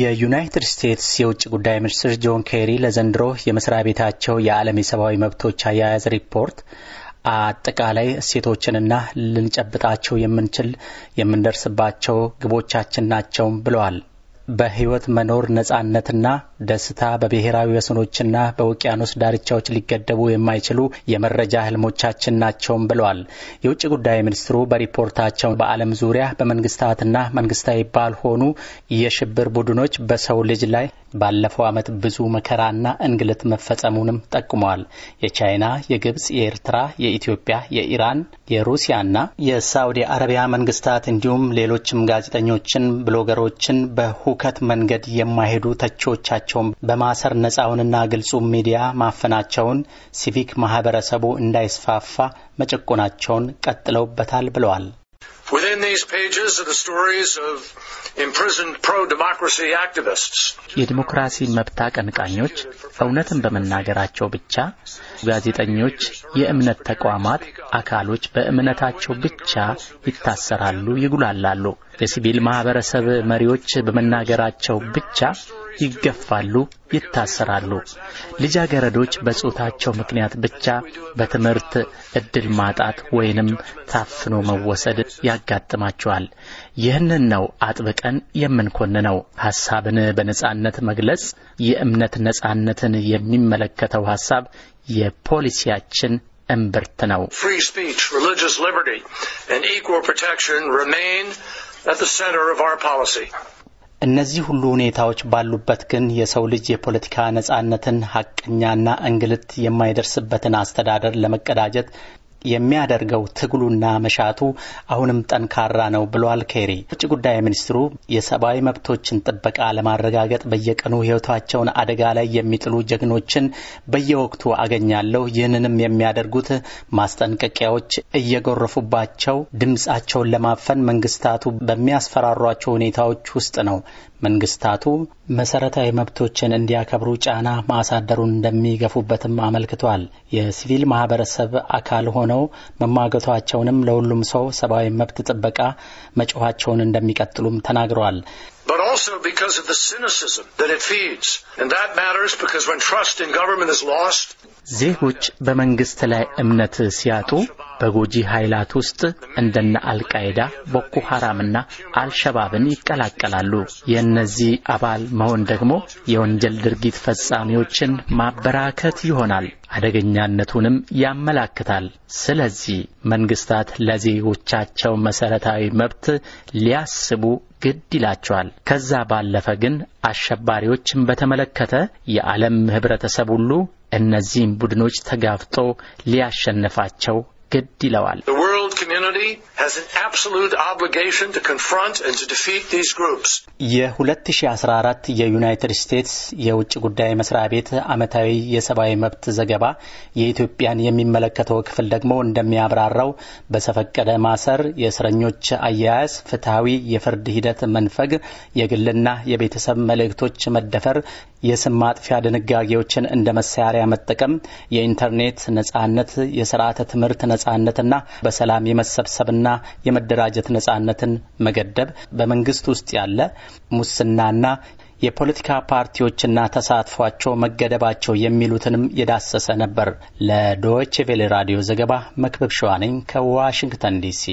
የዩናይትድ ስቴትስ የውጭ ጉዳይ ሚኒስትር ጆን ኬሪ ለዘንድሮ የመስሪያ ቤታቸው የዓለም የሰብአዊ መብቶች አያያዝ ሪፖርት አጠቃላይ እሴቶችንና ልንጨብጣቸው የምንችል የምንደርስባቸው ግቦቻችን ናቸውም ብለዋል። በህይወት መኖር ነጻነትና ደስታ በብሔራዊ ወሰኖችና በውቅያኖስ ዳርቻዎች ሊገደቡ የማይችሉ የመረጃ ህልሞቻችን ናቸውም ብለዋል። የውጭ ጉዳይ ሚኒስትሩ በሪፖርታቸው በዓለም ዙሪያ በመንግስታትና መንግስታዊ ባልሆኑ የሽብር ቡድኖች በሰው ልጅ ላይ ባለፈው ዓመት ብዙ መከራና እንግልት መፈጸሙንም ጠቁመዋል። የቻይና፣ የግብጽ፣ የኤርትራ፣ የኢትዮጵያ፣ የኢራን፣ የሩሲያና የሳውዲ አረቢያ መንግስታት እንዲሁም ሌሎችም ጋዜጠኞችን፣ ብሎገሮችን በሁከት መንገድ የማይሄዱ ተቺዎቻቸው ድምጻቸውን በማሰር ነፃውንና ግልጹም ሚዲያ ማፈናቸውን፣ ሲቪክ ማህበረሰቡ እንዳይስፋፋ መጨቆናቸውን ቀጥለውበታል ብለዋል። የዲሞክራሲ መብት አቀንቃኞች እውነትን በመናገራቸው ብቻ ጋዜጠኞች፣ የእምነት ተቋማት አካሎች በእምነታቸው ብቻ ይታሰራሉ፣ ይጉላላሉ። የሲቪል ማህበረሰብ መሪዎች በመናገራቸው ብቻ ይገፋሉ፣ ይታሰራሉ። ልጃገረዶች በጾታቸው ምክንያት ብቻ በትምህርት እድል ማጣት ወይንም ታፍኖ መወሰድ ያጋጥማል። ያጋጥማቸዋል። ይህንን ነው አጥብቀን የምንኮንነው። ሐሳብን በነጻነት መግለጽ የእምነት ነጻነትን የሚመለከተው ሐሳብ የፖሊሲያችን እምብርት ነው። እነዚህ ሁሉ ሁኔታዎች ባሉበት ግን የሰው ልጅ የፖለቲካ ነጻነትን ሀቀኛና እንግልት የማይደርስበትን አስተዳደር ለመቀዳጀት የሚያደርገው ትግሉና መሻቱ አሁንም ጠንካራ ነው ብሏል ኬሪ። ውጭ ጉዳይ ሚኒስትሩ የሰብአዊ መብቶችን ጥበቃ ለማረጋገጥ በየቀኑ ሕይወታቸውን አደጋ ላይ የሚጥሉ ጀግኖችን በየወቅቱ አገኛለሁ። ይህንንም የሚያደርጉት ማስጠንቀቂያዎች እየጎረፉባቸው ድምፃቸውን ለማፈን መንግስታቱ በሚያስፈራሯቸው ሁኔታዎች ውስጥ ነው። መንግስታቱ መሰረታዊ መብቶችን እንዲያከብሩ ጫና ማሳደሩን እንደሚገፉበትም አመልክቷል። የሲቪል ማህበረሰብ አካል ሆነ ሆነው መማገቷቸውንም ለሁሉም ሰው ሰብአዊ መብት ጥበቃ መጮኋቸውን እንደሚቀጥሉም ተናግረዋል። but also because of the cynicism that it feeds. And that matters because when trust in government is lost, ዜጎች በመንግስት ላይ እምነት ሲያጡ በጎጂ ኃይላት ውስጥ እንደነ አልቃይዳ፣ ቦኮ ሐራምና አልሸባብን ይቀላቀላሉ። የእነዚህ አባል መሆን ደግሞ የወንጀል ድርጊት ፈጻሚዎችን ማበራከት ይሆናል፣ አደገኛነቱንም ያመላክታል። ስለዚህ መንግስታት ለዜጎቻቸው መሰረታዊ መብት ሊያስቡ ግድ ይላቸዋል። ከዛ ባለፈ ግን አሸባሪዎችን በተመለከተ የዓለም ህብረተሰብ ሁሉ እነዚህም ቡድኖች ተጋፍጦ ሊያሸንፋቸው ግድ ይለዋል። humanity has an absolute obligation to confront and to defeat these groups. የ2014 የዩናይትድ ስቴትስ የውጭ ጉዳይ መስሪያ ቤት ዓመታዊ የሰብአዊ መብት ዘገባ የኢትዮጵያን የሚመለከተው ክፍል ደግሞ እንደሚያብራራው በሰፈቀደ ማሰር፣ የእስረኞች አያያዝ፣ ፍትሐዊ የፍርድ ሂደት መንፈግ፣ የግልና የቤተሰብ መልእክቶች መደፈር፣ የስም ማጥፊያ ድንጋጌዎችን እንደ መሳሪያ መጠቀም፣ የኢንተርኔት ነጻነት፣ የስርዓተ ትምህርት ነጻነትና በሰላም የመሰ የመሰብሰብና የመደራጀት ነጻነትን መገደብ፣ በመንግስት ውስጥ ያለ ሙስናና የፖለቲካ ፓርቲዎችና ተሳትፏቸው መገደባቸው የሚሉትንም የዳሰሰ ነበር። ለዶይቼ ቬለ ራዲዮ ዘገባ መክበብ ሸዋነኝ ከዋሽንግተን ዲሲ